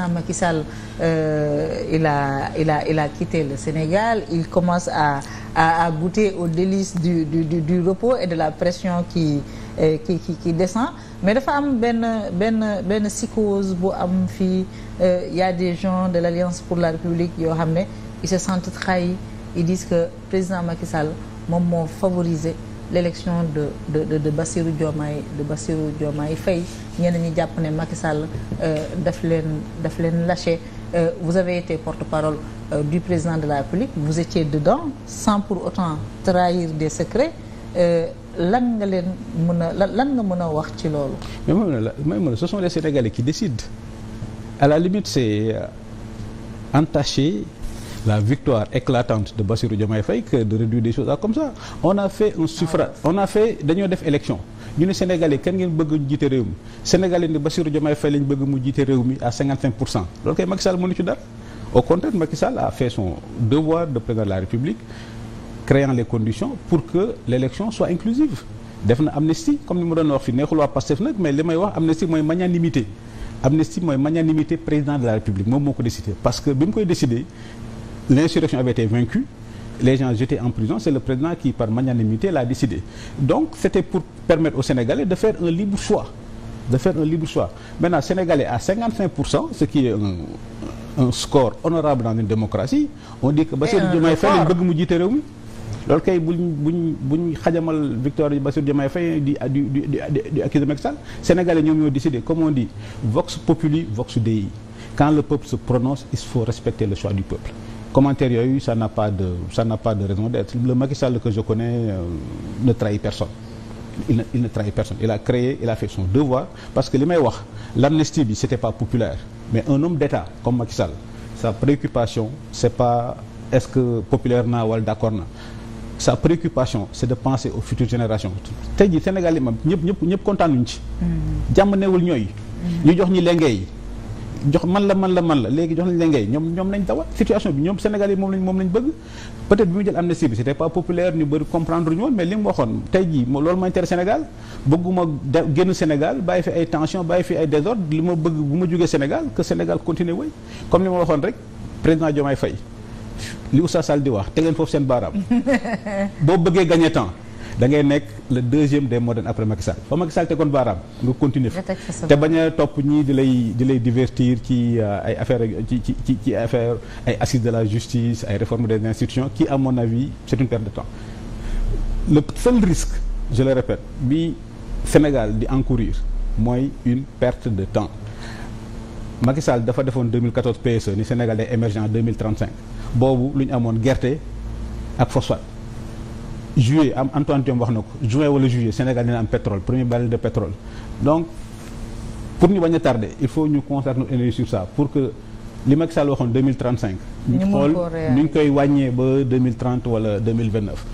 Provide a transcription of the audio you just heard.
président Macky Sall euh, il a il a le Sénégal il commence à à, à goûter aux délices du, du du repos et de la pression qui eh, qui qui qui descend mais dafa am benn benn benn psychose bu am fii euh, y a des gens de l'Alliance pour la République yoo xam ne ils se sentent trahis ils disent président Macky Sall moom moo l'élection de de de de Bassirou Diomaye de Bassirou Diomaye Faye ñi jàpp ne Macky Sall euh, daf leen daf leen lâché euh, vous avez été porte-parole euh, du président de la République vous étiez dedans sans pour autant trahir des secrets lan nga leen mën a lan nga mën a wax ci loolu. mais moom la ce sont les Sénégalais qui décident à la limite c'est entaché. la victoire éclatante de Bassirou Diomaye Faye que de réduire des choses à comme ça on a fait un suffrage ah on a fait dañoo def élection ñu ne Sénégalais kan ngeen bëgg ñu jiite réew mi Sénégalais ne Bassirou Diomaye Faye lañ bëgg mu jiite réew mi à 55 pour cent loolu kay Macky Sall mënu ci dara au contraire Macky a fait son devoir de président de la République créant les conditions pour que l'élection soit inclusive def na amnistie comme ni mu doon wax fi neexul waa Pastef nag mais li may wax amnistie moom moo ko parce que bi mu koy décidé l'insurrection avait été vaincue les gens jetés en prison c'est le président qui par magnanimité l'a décidé donc c'était pour permettre aux Sénégalais de faire un libre choix de faire un libre choix maintenant Sénégalais à 55% ce qui est un, un score honorable dans une démocratie on dit que Bassirou Diomaye Faye lañ bëgg mu jiite réew mi loolu kay buñ buñ buñ xajamal victoire Bassirou Diomaye Faye di di di di accusé Macky Sall Sénégalais ñoom ñoo décidé comme on dit vox populi vox Dei quand le peuple se prononce il faut respecter le choix commentaire yooyu ça n'a pas de ça n'a pas de raison d'être le euh, ne trahit personne il ne, il ne trahit personne il a créé il a fait son devoir parce que li may wax l'amnistie bi c'était pas populaire mais un homme d'État comme Macky Sall sa préoccupation c'est pas est-ce que populaire na wala d'accord na sa préoccupation c'est de penser aux futures génération te jii Sénégal yi ma ñëpp ñëpp ñëpp kontaan nañu ci mm-hmm. jàmm neewul ñooy mm-hmm. ñu jox ñi lenge yi jox man la man la man la léegi jox nañ la ngay ñoom ñoom nañ dawal situation bi ñoom Sénégal yi moom lañ moom lañ bëgg peut-être bi mu jël amnistie bi c'était pas populaire ñu bëri comprendre ñu woon mais li mu waxoon tey jii loolu ma intérêt Sénégal bëgguma génn Sénégal bàyyi fi ay tension bàyyi fi ay désordre li ma bëgg bu ma jógee Sénégal que Sénégal continue wéy comme li ma waxoon rek président ay fay li Oustaz Sall di wax te ngeen foofu seen baaraam boo bëggee gagner temps da ngay nekk le deuxième de modernes après Macky Sall ba Macky Sall te kon baaraam nga continuer fa te bañ a topp ñii di lay di lay divertir ci euh, ay affaire ci ci ci ci affaire ay assises de la justice ay réforme des institutions ki à mon avis c' est une perte de temps le seul risque je le répète bi Sénégal di encourir mooy une perte de temps Macky Sall dafa defoon 2014 PSE ni Sénégal day émergent 2035 boobu lu ñu amoon gerte ak phosphate juillet am Antoine Diome wax na ko juin wala juillet Sénégal dina am pétrole premier baril de pétrole donc pour ñu bañ a tardé il faut ñu concentrer nos énergies sur ça pour que li Macky Sall waxoon deux mille trente cinq ñu ñu koy wàññee ba deux mille trente wala deux mille vingt neuf